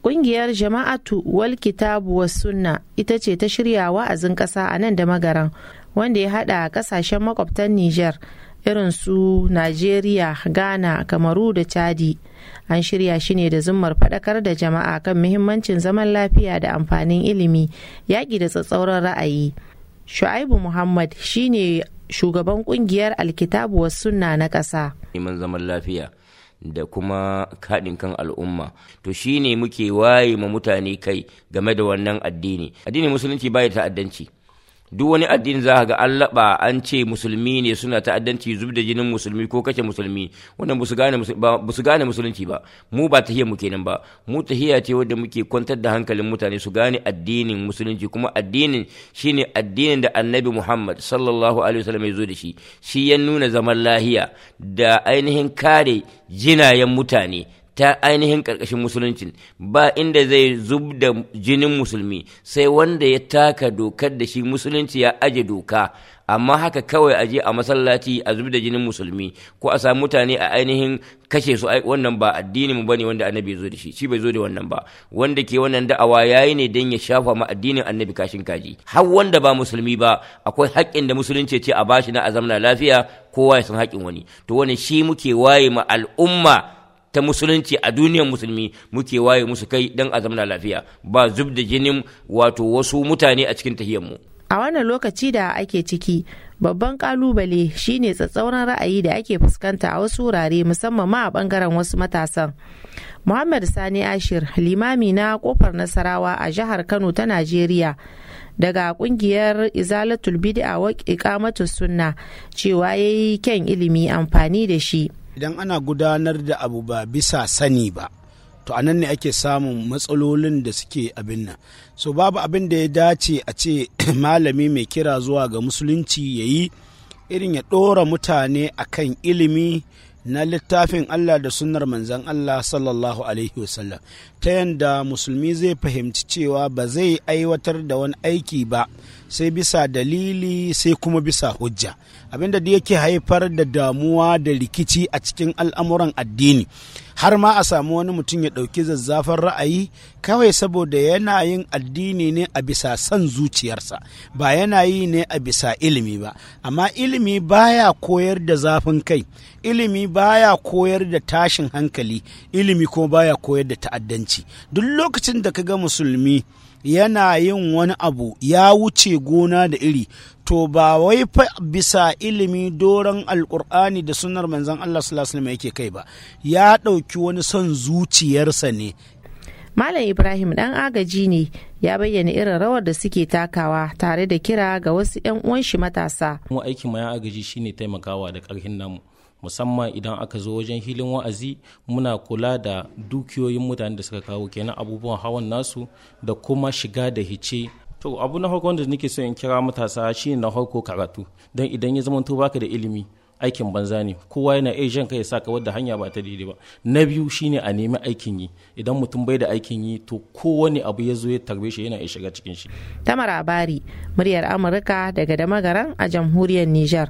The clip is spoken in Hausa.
Ƙungiyar Jama'atu wal Kitabu wa Sunna ita ce ta shirya wa'azin ƙasa a nan da magaran wanda ya haɗa ƙasashen makwabtan Nijar irin su Najeriya, Ghana, Kamaru da Chadi. An shirya shi ne da zumar faɗakar da jama'a kan muhimmancin zaman lafiya da amfanin ilimi, yaƙi da tsatsauran ra'ayi. Shu'aibu Muhammad shine shugaban ƙungiyar Alkitabu wa Sunna na ƙasa. Iman zaman lafiya. da kuma kaɗin kan al'umma to shi ne muke waye ma mutane kai game da wannan addini addinin musulunci bai ta'addanci duk wani addini za ga an laɓa an ce musulmi ne suna ta'addanci zub da jinin musulmi ko kashe musulmi wannan ba su gane musulunci ba mu ba tahiyar mu kenan ba mu tahiya ce wadda muke kwantar da hankalin mutane su gane addinin musulunci kuma addinin shine addinin da annabi muhammad sallallahu alaihi wasallam ya zo da shi shi ya nuna zaman lahiya da ainihin kare jinayen mutane ta ainihin ƙarƙashin musulunci ba inda zai zub da jinin musulmi sai wanda ya taka dokar da shi musulunci ya aje doka amma haka kawai aje a masallaci a zub da jinin musulmi ko a samu mutane a ainihin kashe su wannan ba addinin mu bane wanda annabi zo da shi shi bai zo da wannan ba wanda ke wannan da'awa yayi ne dan ya shafa ma addinin annabi kashin kaji har wanda ba musulmi ba akwai haƙƙin da musulunci ce a bashi na azamna lafiya kowa ya san haƙƙin wani to wannan shi muke waye ma al'umma ta musulunci a duniyar musulmi muke waye musu kai dan a zamana lafiya ba zub da jinin wato wasu mutane a cikin mu. a wannan lokaci da ake ciki babban kalubale shine tsatsauran ra'ayi da ake fuskanta a wasu wurare musamman ma a bangaren wasu matasan muhammad sani ashir limami na kofar nasarawa a jihar kano ta najeriya daga kungiyar izalatul bid'a wa iqamatu sunna cewa yayi kyan ilimi amfani da shi idan ana gudanar da abu ba bisa sani ba to anan ne ake samun matsalolin da suke abin nan so babu abin da ya dace a ce malami mai kira zuwa ga musulunci ya yi irin ya ɗora mutane akan ilimi na littafin Allah da sunnar manzan Allah sallallahu Alaihi wasallam ta yadda musulmi zai fahimci cewa ba zai aiwatar da wani aiki ba sai bisa dalili sai kuma bisa hujja abinda da yake haifar da damuwa da rikici a cikin al'amuran addini har ma a samu wani mutum ya ɗauki zazzafan ra'ayi kawai saboda yana yin addini ne a bisa son zuciyarsa ba yana yi ne a bisa ilimi ba amma ilimi baya koyar da zafin kai ilimi baya koyar da tashin hankali ilimi ko baya koyar da ta'addanci duk lokacin da ka ga musulmi yana yin wani abu ya wuce gona da iri to ba wai fa bisa ilimi doron alkur'ani da sunar manzon Allah sallallahu yake kai ba ya ɗauki wani son zuciyarsa ne Malam Ibrahim dan agaji ne ya bayyana irin rawar da suke takawa tare da kira ga wasu 'yan uwan shi matasa. Mu aikin mu ya agaji shine taimakawa da karhin namu. musamman idan aka zo wajen hilin wa'azi muna kula da dukiyoyin mutane da suka kawo kenan abubuwan hawan nasu da kuma shiga da hice to abu na farko da nake so in kira matasa shine na farko karatu don idan ya zamanto baka da ilimi aikin banza ne kowa yana iya jan kai saka wadda hanya ba ta daidai ba na biyu shine a nemi aikin yi idan mutum bai da aikin yi to kowane abu ya zo ya tarbe shi yana iya shiga cikin shi tamar bari muryar amurka daga damagaran a jamhuriyar niger